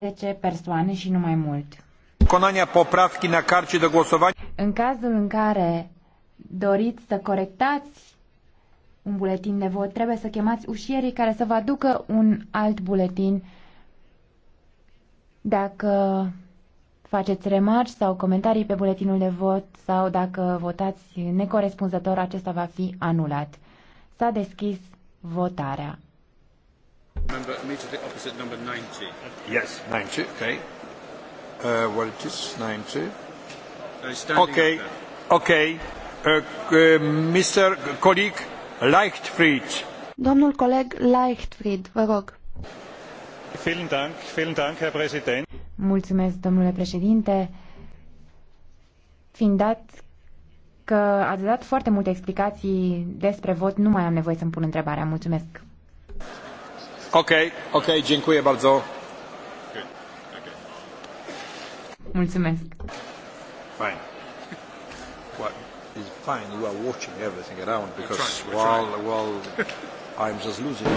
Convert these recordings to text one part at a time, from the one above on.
10 persoane și nu mai mult. Conania În cazul în care doriți să corectați un buletin de vot, trebuie să chemați ușierii care să vă aducă un alt buletin. Dacă faceți remarci sau comentarii pe buletinul de vot sau dacă votați necorespunzător, acesta va fi anulat. S-a deschis votarea. Number, immediately opposite number 90. Yes, 90, okay. Uh, well, it is 90. Uh, okay, okay. Uh, uh, Mr. Colleague Leichtfried. Domnul coleg Leichtfried, vă rog. Vielen Dank, vielen Dank, Herr Präsident. Mulțumesc, domnule președinte. Fiind dat că ați dat foarte multe explicații despre vot, nu mai am nevoie să-mi pun întrebarea. Mulțumesc. Okej, okay, okej, okay, dziękuję bardzo. Mulțumesc. Fine. Well, it's fine. You are watching everything around because we're trying, we're while, trying. while I'm just losing.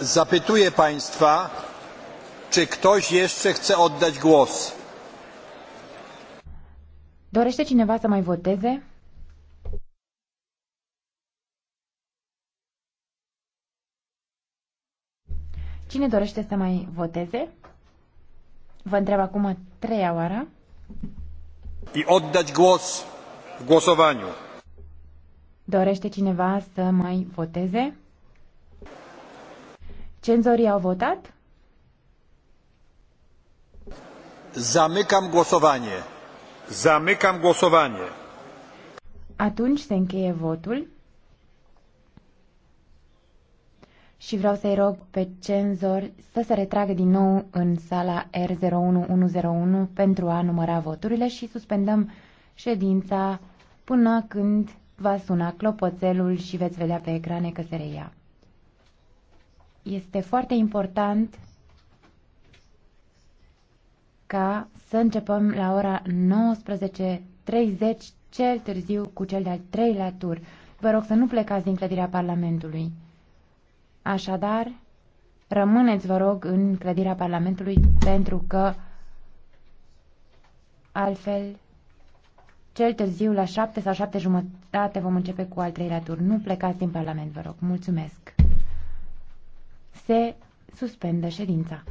Zapytuję Państwa, czy ktoś jeszcze chce oddać głos? Dorește cineva să mai voteze? Cine dorește să mai voteze? Vă întreb acum a treia oară. I oddać głos w głosowaniu. Dorește cineva să mai voteze? Cenzorii au votat? Zamykam głosowanie. Zamykam głosowanie. Atunci se încheie votul. Și vreau să-i rog pe cenzor să se retragă din nou în sala R01101 pentru a număra voturile și suspendăm ședința până când va suna clopoțelul și veți vedea pe ecrane că se reia. Este foarte important ca să începem la ora 19.30 cel târziu cu cel de-al treilea tur. Vă rog să nu plecați din clădirea Parlamentului. Așadar, rămâneți, vă rog, în clădirea Parlamentului pentru că altfel cel târziu, la șapte sau șapte jumătate, vom începe cu al treilea tur. Nu plecați din Parlament, vă rog. Mulțumesc. Se suspendă ședința.